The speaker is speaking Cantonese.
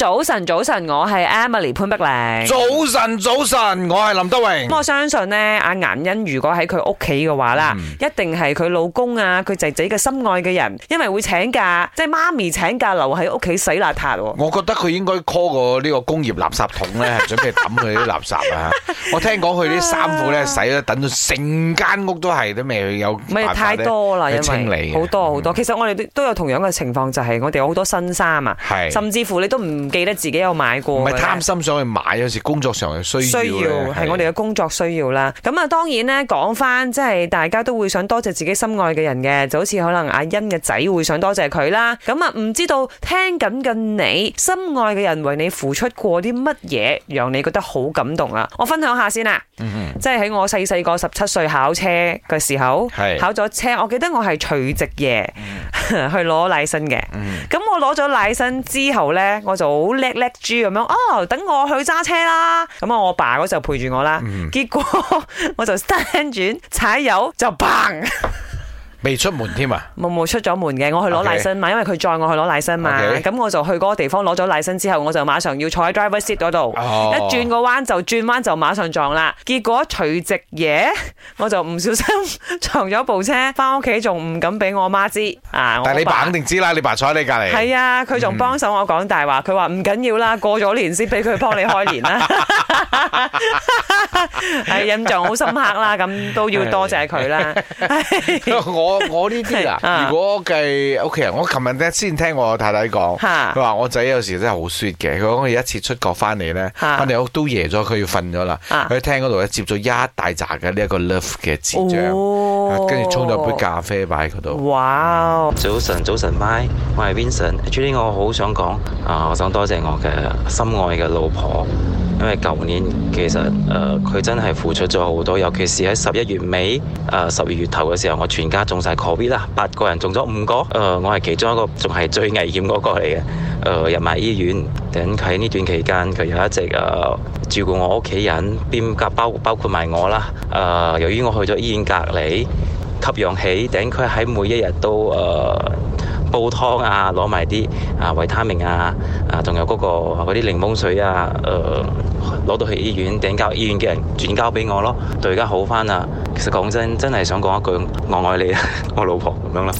早晨，早晨，我係 Emily 潘碧玲。早晨，早晨，我係林德榮。咁我相信呢，阿、啊、顏欣如果喺佢屋企嘅話咧，嗯、一定係佢老公啊，佢仔仔嘅心愛嘅人，因為會請假，即係媽咪請假留喺屋企洗邋遢。我覺得佢應該 call 過呢個工業垃圾桶咧，準備抌佢啲垃圾啊！ 我聽講佢啲衫褲咧洗咗等到成間屋都係都未有。唔係太多啦，因為好多好多，多，多。其實我哋都有同樣嘅情況，就係、是、我哋有好多新衫啊，是 甚至乎你都唔。記得自己有買過。唔係貪心想去買，有時工作上嘅需要。需要係我哋嘅工作需要啦。咁啊，當然咧，講翻即係大家都會想多謝自己心愛嘅人嘅，就好似可能阿欣嘅仔會想多謝佢啦。咁啊，唔知道聽緊嘅你心愛嘅人為你付出過啲乜嘢，讓你覺得好感動啊！我分享下先啊，嗯、哼即係喺我細細個十七歲考車嘅時候，是考咗車，我記得我係除夕夜、嗯、哼 去攞禮金嘅。咁、嗯攞咗奶身之後呢，我就好叻叻豬咁樣，啊、哦！等我去揸車啦，咁啊、嗯，我爸嗰時候陪住我啦，結果我就 turn 轉踩油就嘭。 未出門添啊！冇冇出咗門嘅，我去攞 license 嘛，Okay. 因為佢載我去攞 license 嘛，咁 Okay. 我就去嗰個地方攞咗 license 之後，我就馬上要坐喺 driver seat 嗰度，oh. 一轉個彎就轉彎就馬上撞啦。結果除夕夜，我就唔小心撞咗 部車，翻屋企仲唔敢俾我媽知啊！但係你爸肯定知啦，你爸坐喺你隔籬。係啊，佢仲幫手我講大話，佢話唔緊要啦，過咗年先俾佢幫你開年啦。 係 印象好深刻啦，咁都要多謝佢啦。 我我呢啲啊，如果計 O K 啊， okay, 我琴日先聽，聽我太太講，佢話 我仔有時真係好 sweet 嘅。佢講我一次出國翻嚟咧，翻嚟屋都夜咗，佢要瞓咗啦。佢喺廳度接咗一大扎嘅呢一個 love 嘅紙張，跟住沖咗杯咖啡擺喺度。哇！Wow. 早晨，早晨，My，我係 Vincent，我好想講，啊，我想多謝我嘅心愛嘅老婆。因為舊年其實誒佢、呃、真係付出咗好多，尤其是喺十一月尾誒十二月頭嘅時候，我全家中晒 COVID 啦，八個人中咗五個，誒、呃、我係其中一個仲係最危險嗰個嚟嘅，誒入埋醫院。等佢喺呢段期間，佢一直誒、呃、照顧我屋企人，邊隔包包括埋我啦。誒、呃、由於我去咗醫院隔離，吸氧氣等佢喺每一日都誒。呃煲湯啊，攞埋啲啊維他命啊，啊仲有嗰個啲檸檬水啊，誒、呃、攞到去醫院頂交醫院嘅人轉交畀我咯。到而家好返啦，其實講真，真係想講一句我愛你啊，我老婆咁樣啦。